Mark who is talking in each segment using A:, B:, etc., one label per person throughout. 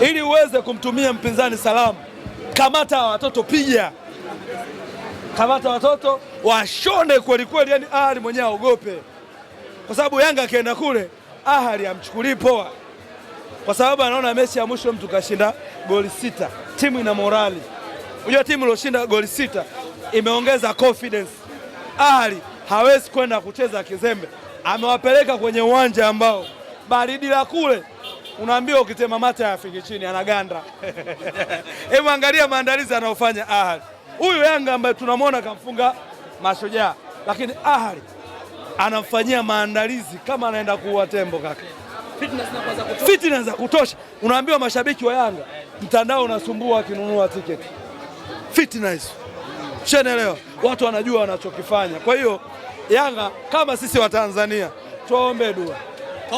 A: ili uweze kumtumia mpinzani salamu. Kamata watoto, piga, kamata watoto washone kweli kweli. Yani Ahali mwenyewe aogope, kwa sababu Yanga akienda kule Ahali amchukulii poa, kwa sababu anaona mechi ya mwisho mtu kashinda goli sita, timu ina morali. Unajua timu iliyoshinda goli sita imeongeza confidence. Ahali hawezi kwenda kucheza kizembe, amewapeleka kwenye uwanja ambao baridi la kule unaambiwa ukitema mate hayafiki chini, anaganda. Hebu angalia maandalizi anayofanya Ahali huyu Yanga ambaye tunamwona kamfunga Mashujaa, lakini Ahali anamfanyia maandalizi kama anaenda kuua tembo kaka. Fitina za kutosha, unaambiwa mashabiki wa Yanga mtandao unasumbua akinunua tiketi. Fitina hizo shenelewa, watu wanajua wanachokifanya. Kwa hiyo Yanga kama sisi Watanzania tuombe dua.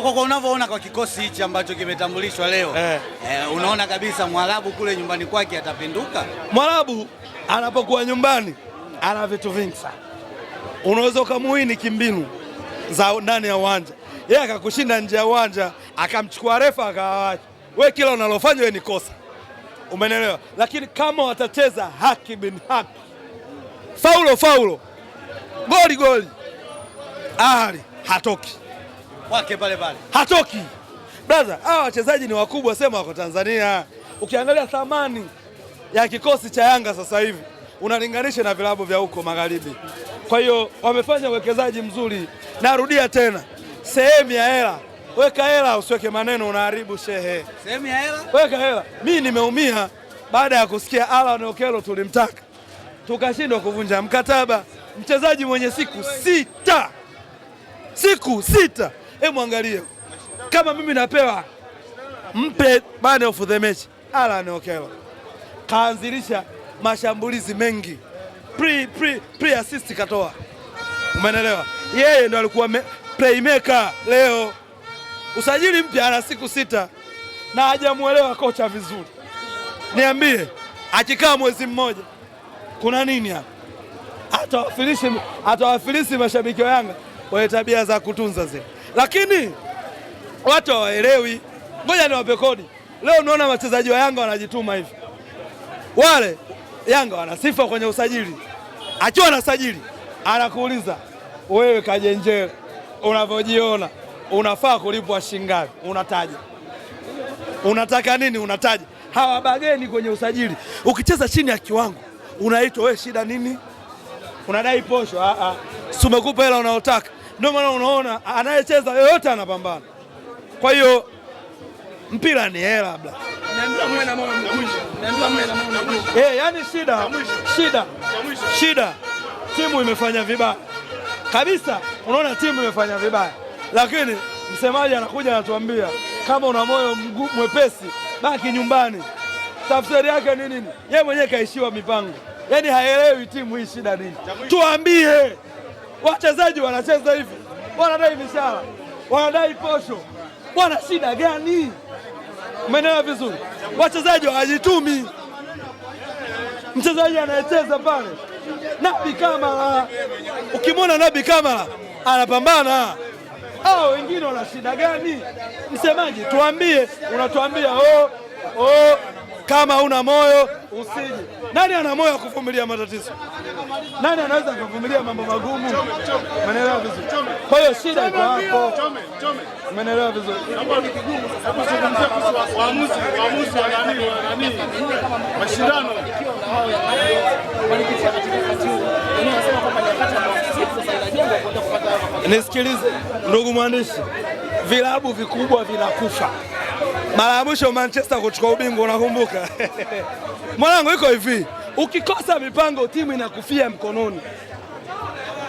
B: Kwa kwa unavyoona kwa kikosi hichi ambacho kimetambulishwa leo eh, eh, unaona kabisa Mwarabu kule nyumbani kwake atapinduka.
A: Mwarabu anapokuwa nyumbani ana vitu vingi sana, unaweza ukamuini kimbinu za ndani ya uwanja, yeye akakushinda nje ya uwanja, akamchukua refa akawawacha. We kila unalofanya wewe ni kosa, umenelewa? Lakini kama watacheza haki bin haki, faulo faulo, goli goli, ahali hatoki
B: wake pale pale
A: hatoki. Brother, hawa wachezaji ni wakubwa, sema wako Tanzania. Ukiangalia thamani ya kikosi cha Yanga sasa hivi unalinganisha na vilabu vya huko magharibi. Kwa hiyo wamefanya uwekezaji mzuri. Narudia tena, sehemu ya hela weka hela, usiweke maneno, unaharibu shehe. Sehemu ya hela weka hela. Mimi nimeumia baada ya kusikia Alan Okelo tulimtaka tukashindwa kuvunja mkataba, mchezaji mwenye siku sita, siku sita hebu mwangalie kama mimi napewa, mpe man of the match Alan Okello. Kaanzilisha mashambulizi mengi pre, pre, pre assist katoa, umeelewa? Yeye ndo alikuwa playmaker leo. Usajili mpya ana siku sita na hajamuelewa kocha vizuri. Niambie, akikaa mwezi mmoja kuna nini hapa? Atawafilisi, atawafilisi mashabiki wa Yanga wenye tabia za kutunza zile lakini watu hawaelewi. Ngoja niwape kodi. Leo unaona wachezaji wa Yanga wanajituma hivi, wale Yanga wana sifa kwenye usajili. Akiwa anasajili anakuuliza wewe, Kajenjere, unavyojiona unafaa kulipwa shilingi Unataja unataka nini? Unataja. Hawabageni kwenye usajili. Ukicheza chini ya kiwango unaitwa wewe, shida nini? Unadai posho? Ah ah, sumekupa hela unayotaka ndio maana unaona anayecheza yoyote anapambana. Kwa hiyo mpira ni hela bla. Eh, yani shida shida shida, timu imefanya vibaya kabisa, unaona timu imefanya vibaya, lakini msemaji anakuja anatuambia kama una moyo mwepesi baki nyumbani. Tafsiri yake ni nini? Yeye mwenyewe kaishiwa mipango, yaani haelewi timu hii shida nini. Tuambie wachezaji wanacheza hivi, wanadai mishahara, wanadai posho, bwana, shida gani? Umeelewa vizuri? Wachezaji hawajitumi. Mchezaji anayecheza pale Nabi Kamara, ukimwona Nabi Kamara anapambana, hao wengine wana shida gani? Msemaji tuambie, unatuambia oh, oh. Kama una moyo usije. Nani ana moyo wa kuvumilia matatizo? Nani anaweza kuvumilia mambo magumu? Umeelewa vizuri? Kwa hiyo shida iko hapo. Umeelewa vizuri? Mashindano nisikilize, ndugu mwandishi, vilabu vikubwa vinakufa mara ya mwisho Manchester kuchukua ubingwa unakumbuka? Mwanangu, iko hivi, ukikosa mipango timu inakufia mkononi.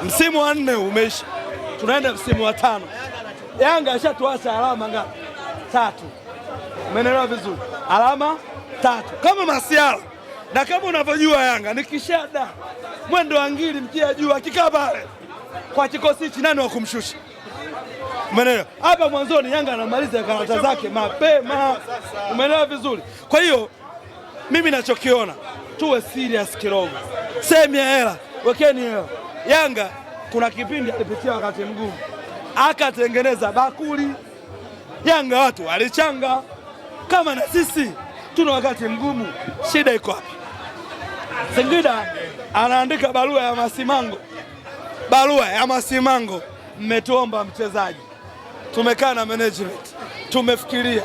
A: Msimu wa nne umeisha, tunaenda msimu wa tano. Yanga ashatuacha alama ngapi? Tatu. Umeelewa vizuri? Alama tatu, kama masiala na kama unavyojua Yanga ni kishada mwendo wa ngili, mkia juu, akikaa pale kwa kikosi hichi, nani wa kumshusha? Umeelewa? Hapa mwanzoni Yanga anamaliza karata zake mapema, umeelewa vizuri. Kwa hiyo mimi nachokiona, tuwe serious kidogo, semi ya hela, wekeni hela. Yanga kuna kipindi alipitia wakati mgumu, akatengeneza bakuli. Yanga watu walichanga, kama na sisi tuna wakati mgumu. Shida iko wapi? Singida anaandika barua ya masimango, barua ya masimango mmetuomba mchezaji, tumekaa na management, tumefikiria